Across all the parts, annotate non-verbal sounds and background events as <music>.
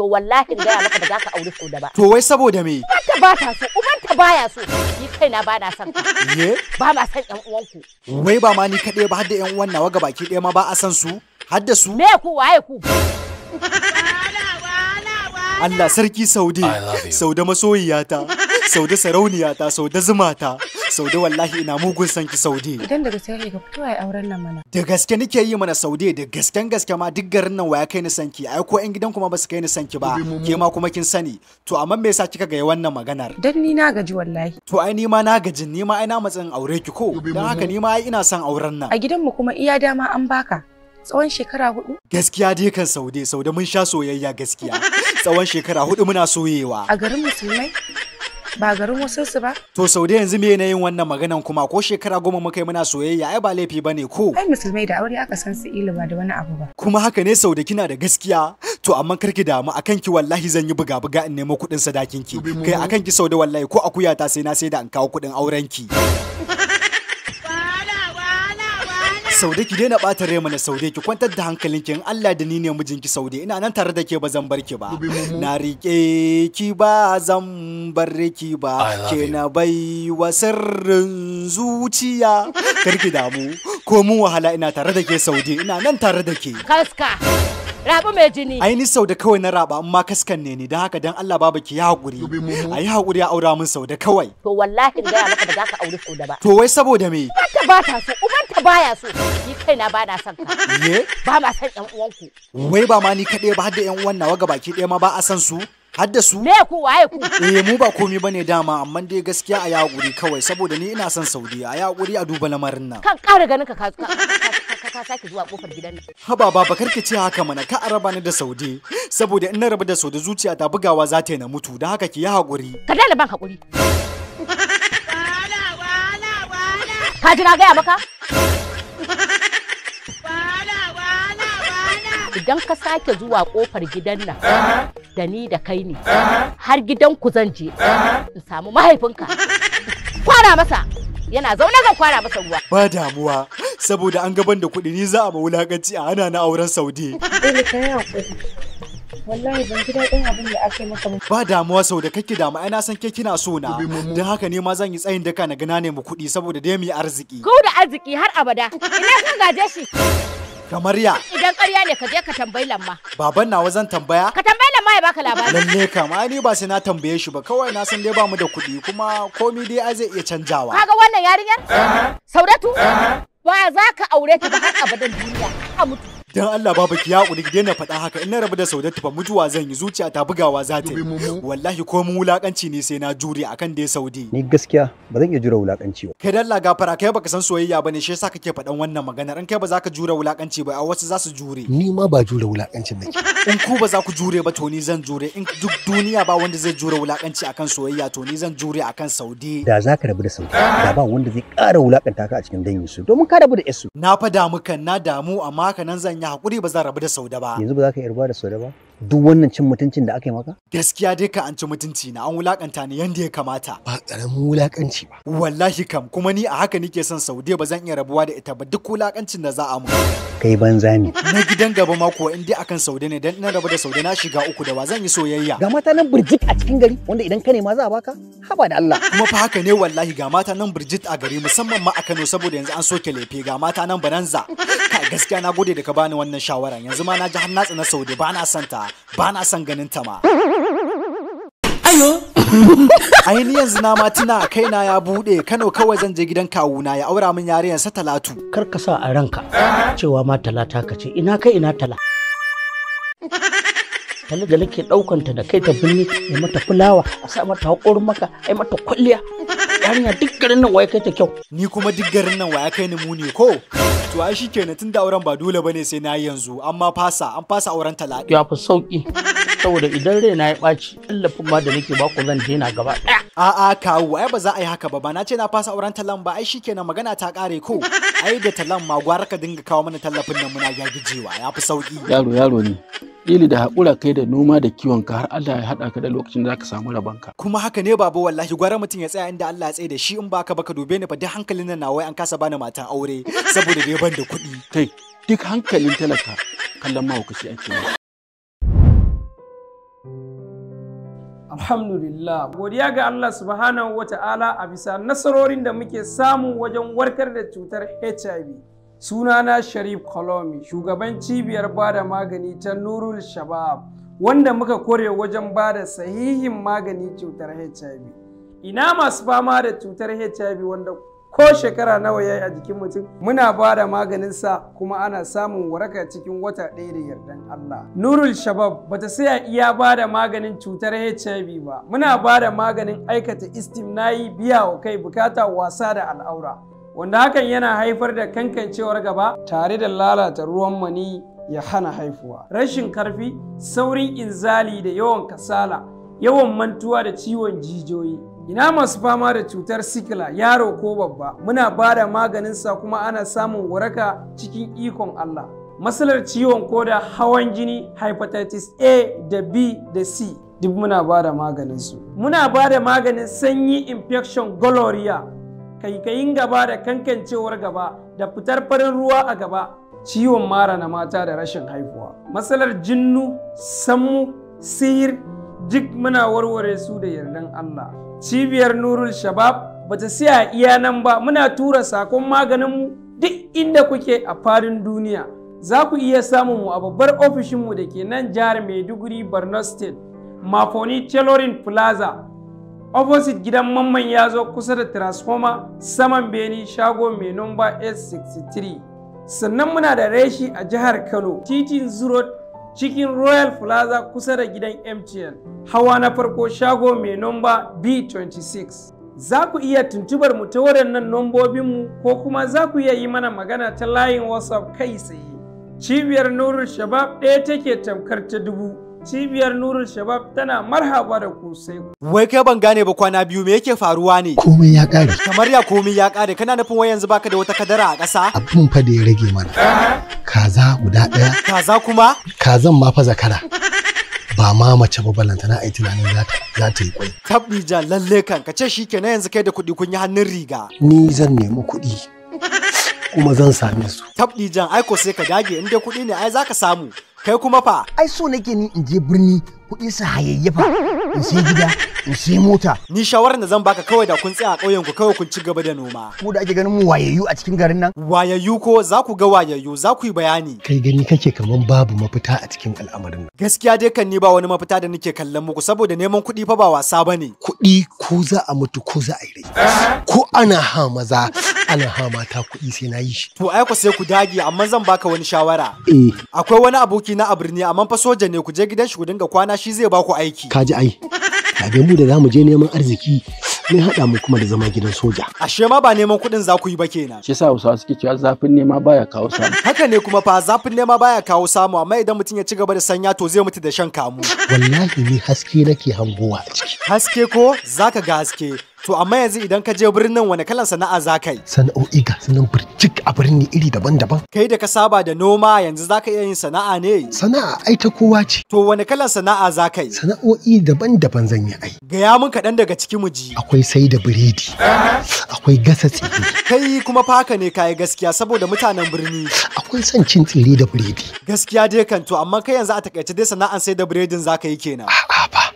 to wallahi in gaya maka ba za ka auri so da ba. To wai saboda me? Ubanta ba ta so, ubanta baya so. Ni kaina ba na son ka. Ye? Ba ma son ƴan uwanku. Wai ba ma ni kaɗai ba har da ƴan uwan nawa ga baki ɗaya ma ba a san su? Har da su? Me ku waye ku? Allah sarki Saude, Saude masoyiyata, Saude sarauniyata, Saude zumata. Saude wallahi ina mugun san ki Saude. Idan da gaske ka fito ai auren nan mana. Da gaske nake yi mana Saude da gasken gaske ma duk garin nan waya kai ni san ki ai ko ƴan gidan kuma ba su kai ni san ki ba ke ma kuma kin sani to amma me yasa kika ga wannan maganar? Dan ni na gaji wallahi. To ai ni ma na gaji ni ma ai na matsin aure ki ko dan haka ni ma ai ina son auren nan. A mu kuma iya dama an baka. tsawon shekara hudu? Gaskiya dai kan saude saude mun sha soyayya gaskiya. <laughs> Tsawon shekara hudu muna soyewa. A garin musulmai? ba garin wasu su ba. To sau da yanzu me yin wannan maganan kuma ko shekara goma muka yi muna soyayya ai ba laifi bane ko. Ai musulmai da aure aka san su ilu ba da wani abu ba. Kuma haka ne sau da kina da gaskiya to amma kar ki damu akan ki wallahi zan yi buga buga in nemo kuɗin sadakin ki kai akan ki sau da wallahi ko akuya ta sai na sai da an kawo kuɗin auren ki. <laughs> saude ki daina bata rai mana saude ki kwantar da hankalinki in Allah da ni ne mijinki saude ina nan tare da ke ba zan bar ki ba na rike ki ba zan bar ki ba ke na bai wa sirrin zuciya karki damu ko mu wahala ina tare da ke saude ina nan tare da ke kaska Rabu mai jini. Ai ni sau da kawai na raba amma kaskan ne ni don haka dan Allah baba ki ya hakuri. Ai hakuri ya aura min sau da kawai. To wallahi ga maka ba za ka aure sau da ba. To wai saboda me? Ubanta ba ta so, ubanta baya so. Ni kaina ba na son ka. Me? Ba ma son ƴan uwanku. Wai ba ma ni kaɗai ba har da ƴan uwan nawa gabaki ɗaya ma ba a san su. hadda su me ku waye ku eh mu ba komi bane dama amma dai gaskiya a yaguri kawai saboda ni ina son Saudiya a yaguri a duba lamarin nan kan ƙara ganin ka ka ka sake zuwa kofar gidan nan haba baba karki ce haka mana ka araba ni da saude saboda in na rabu da saude zuciya ta bugawa za ta yi na mutu da haka ki yi haƙuri ka dala ban haƙuri ka ji na gaya maka idan ka sake zuwa kofar gidan nan da ni da kai ne har gidan ku zan je in samu mahaifinka kwana masa yana zaune zan kwara masa ruwa ba damuwa saboda an gaban da kuɗi ni za a ba wulakanci a hana na auren saudi wallahi ban ji daɗin abin da aka yi maka ba damuwa sau da kake damu ai na san ke kina so na don haka ne ma zan yi tsayin daka na gana ne mu kuɗi saboda dai mu yi arziki ko da arziki har abada ina kun gaje shi kamar ya idan ƙarya ne ka je ka tambayi lamma baban nawa zan tambaya ka tambaya ya baka labari lalle kam ai ni ba sai na tambaye shi ba kawai na san dai ba mu da kuɗi kuma komi dai a zai iya canjawa kaga wannan yarinyar saudatu ba za ka aure ta ba har abadan duniya a mutu dan Allah baba ki yaƙuri ki daina faɗa haka in na rabu da Saudatu fa mutuwa zan yi zuciya ta bugawa za ta yi wallahi ko mu wulakanci ne sai na jure akan dai Saudi ni gaskiya ba zan iya jure wulakanci ba kai dalla gafara kai baka san soyayya bane shi yasa kake faɗan wannan maganar in kai ba za ka jure wulakanci ba a wasu za su jure ni ma ba jure wulakancin nake in ku ba za ku jure ba to ni zan jure in duk duniya ba wanda zai jure wulakanci akan soyayya to ni zan jure akan Saudi da za ka rabu da Saudi da ba wanda zai ƙara wulakanta ka a cikin dangin su domin ka rabu da su na fada mukan na damu amma kanan zan sanya hakuri ba zan rabu da sauda ba yanzu ba za ka yarba da sauda ba duk wannan cin mutuncin da aka yi maka gaskiya dai ka an ci mutunci na an wulakanta ni yanda ya kamata ba karamin wulakanci ba wallahi kam kuma ni a haka nake son saude ba zan iya rabuwa da ita ba duk wulakancin da za a mu kai banza ne na gidan gaba ma kuwa in dai akan saude ne dan na rabu da saude na shiga uku da wa zan yi soyayya ga mata nan burjik a cikin gari wanda idan ka nema za a baka haba da Allah kuma fa haka ne wallahi ga mata nan burjit a gari musamman ma a Kano saboda yanzu an soke lefe ga mata nan bananza gaskiya na gode da ka bani bani wannan shawara yanzu ma na ji har na saudi ba na son ta ba na son ganin ta ma ayo ainihin yanzu na ma tuna kaina ya bude kano kawai zan je gidan kawu na ya aura min yarinyar sa talatu kar ka sa a ranka cewa ma talata ka ce ina kai ina tala tali da nake daukanta da kai ta binni ya mata fulawa a sa mata hakorin maka ai mata kwalliya yarinya duk garin nan ya kai ta kyau ni kuma duk garin nan wa ya kai ni muni ko to ai shikenan tunda auren ba dole bane sai na yanzu amma fasa an fasa auren talaka. ya fi sauki saboda idan raina ya ɓaci tallafin ma da nake baku zan daina gaba ɗaya. A'a kawo ai ba za a yi haka ba ba na ce na fasa auren talan ba ai kenan magana ta ƙare ko ai da talan ma gwara ka dinga kawo mana tallafin nan muna gijewa ya fi sauki. Yaro yaro ne. Ili da haƙura kai da noma da kiwon ka har Allah ya haɗa ka da lokacin da za ka samu ka. Kuma haka ne babu wallahi gwara mutum ya tsaya inda Allah ya tsaye da shi in ba ka ba ka dube ni fa duk hankalin nan na wai an kasa bani matan aure saboda dai ban da kuɗi. Kai duk hankalin talaka kallon mahaukaci ake yi. Alhamdulillah, godiya ga Allah subhanahu wa ta'ala a bisa nasarorin da muke samu wajen warkar da cutar HIV. Sunana Sharif Kolomi, shugaban cibiyar bada magani ta Nurul Shabab, wanda muka kore wajen bada sahihin magani cutar HIV. Ina masu fama da cutar HIV wanda ko shekara nawa ya yi a jikin mutum muna ba da sa kuma ana samun waraka cikin wata ɗaya da yardan Allah. Nurul Shabab bata saya iya ba da maganin cutar HIV ba muna ba da maganin aikata istim istimnayi biya wa kai bukata wasa da al'aura wanda hakan yana haifar da kankancewar gaba tare da lalata ruwan mani ya hana haifuwa. Rashin karfi, saurin inzali da yawan kasala, yawan mantuwa da ciwon jijiyoyi. ina masu fama da cutar sikila yaro ko babba muna ba da maganinsa kuma ana samun waraka cikin ikon Allah matsalar ciwon koda hawan jini hepatitis a da b da c duk muna ba da maganinsu muna ba da maganin sanyi infection gonorrhea kaikayin gaba da kankancewar gaba da fitar farin ruwa a gaba ciwon mara na mata da rashin haihuwa matsalar jinnu sammu sihir duk muna warware su da yardan Allah cibiyar nurul shabab ba ta siya iya nan ba muna tura sakon maganinmu duk inda kuke a fadin duniya za ku iya samun mu a babbar ofishinmu da ke nan jihar maiduguri borno state mafoni tailoring plaza opposite gidan mamman ya zo kusa da transformer saman beni shago mai nomba s63 sannan muna da reshi a jihar kano titin zuro cikin royal plaza kusa da gidan mtn hawa na farko shago mai nomba b26 za ku iya tuntubar mu ta waɗannan mu? ko kuma za ku iya yi mana magana ta layin whatsapp kai tsaye cibiyar nurul shabab ɗaya take tamkar ta dubu cibiyar nurul shabab tana marhaba da ku sai wai kai ban gane ba kwana biyu me yake faruwa ne komai ya kare kamar ya komai ya kare kana nufin wai yanzu baka da wata kadara a ƙasa abun fa da ya rage mana kaza guda ɗaya kaza kuma kazan ma fa zakara ba ma mace ba balanta a ai tunanin za ta yi kwai. Tabbija lalle kan ka ce shi ke na yanzu kai da kuɗi kun yi hannun riga. Ni zan nemi kuɗi kuma zan same su. tabbijan aiko sai ka dage in dai kuɗi ne ai zaka samu. kai kuma fa ai so nake ni in je birni kuɗi su fa in sai gida in sai mota ni shawarar da zan baka kawai da kun tsaya a ƙauyen ku kawai kun ci gaba da noma ku da ake ganin mu wayayyu a cikin garin nan wayayyu ko za ku ga wayayyu za ku yi bayani kai gani kake kaman babu mafita a cikin al'amarin nan gaskiya dai kan ni ba wani mafita da nake kallon muku saboda neman kuɗi fa ba wasa bane kuɗi ko za a mutu ko za a yi rai ko ana ha maza ana ba mata kuɗi sai na yi shi. To ai ku sai ku dage amma zan baka wani shawara. Eh. Akwai wani aboki na a birni amma fa soja ne ku je gidan shi ku dinga kwana shi zai baku aiki. Ka ji ai. ga mu da zamu je neman arziki mun haɗa mu kuma da zama gidan soja. Ashe ma ba neman kuɗin za ku yi ba kenan. Shi yasa Hausawa suke cewa zafin nema baya kawo samu. Haka ne kuma fa zafin nema baya kawo samu amma idan mutum ya ci gaba da sanya to zai mutu da shan kamu. Wallahi ni haske nake hangowa a ciki. Haske ko zaka ga haske To amma yanzu idan ka je birnin wani kalan sana'a za ka yi? Sana'o'i ga sunan birjik a birni iri daban-daban. Kai da ka saba da noma yanzu za ka iya yin sana'a ne? Sana'a ai ta kowa ce. To wani kalan sana'a za ka yi? Sana'o'i daban-daban zan yi ai. Gaya mun kaɗan daga ciki mu ji. Akwai sai da biredi. Akwai gasa tsiri. Kai kuma faka ne kayi gaskiya saboda mutanen birni. Akwai son cin tsiri da biredi. Gaskiya dai kan to amma kai yanzu a takaice dai sana'an sai da biredin za ka yi kenan. A'a ba.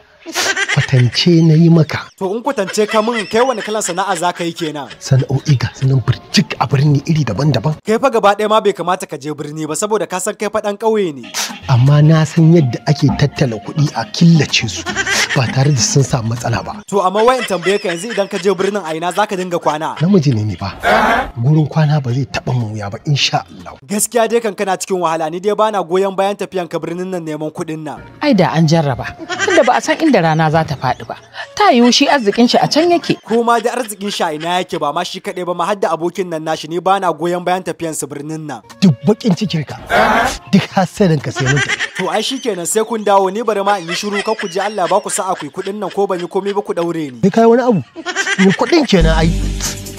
kwatance na yi maka. To in kwatance ka min kai wani kalan sana'a za ka yi kenan. Sana'o'i ga sanan birjik a birni iri daban-daban. Kai fa gaba ɗaya ma bai kamata ka je birni ba saboda ka san kai faɗan ƙauye ne. Amma na san yadda ake tattala kuɗi a killace su. ba tare da sun samu matsala ba. To amma wayan tambaye ka yanzu idan ka je birnin a ina ka dinga kwana? Namiji ne ne ba. Gurin kwana ba zai taba mun wuya ba insha Allah. Gaskiya dai kan kana cikin wahala ni dai bana goyon bayan tafiyan ka birnin nan neman kuɗin nan. Ai da an jarraba. Tunda ba a san inda rana za ta faɗi ba. Ta yiwu shi arzikin shi a can yake. Ko ma da arzikin shi a ina yake ba ma shi kaɗai ba ma har da abokin nan nashi ni bana goyon bayan tafiyan su birnin nan. Duk bakin cikin ka. Duk hasarin ka sai to ai shikenan sai kun dawo ni bari ma in yi shiru kar ku je Allah ba ku sa'a ku kuɗin nan ko ban yi komai ba ku daure ni. Ni kai wani abu ni kuɗin kenan ai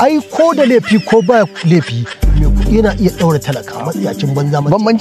ai ko da laifi ko ba laifi me kuɗi yana iya daura talaka matsiyacin banza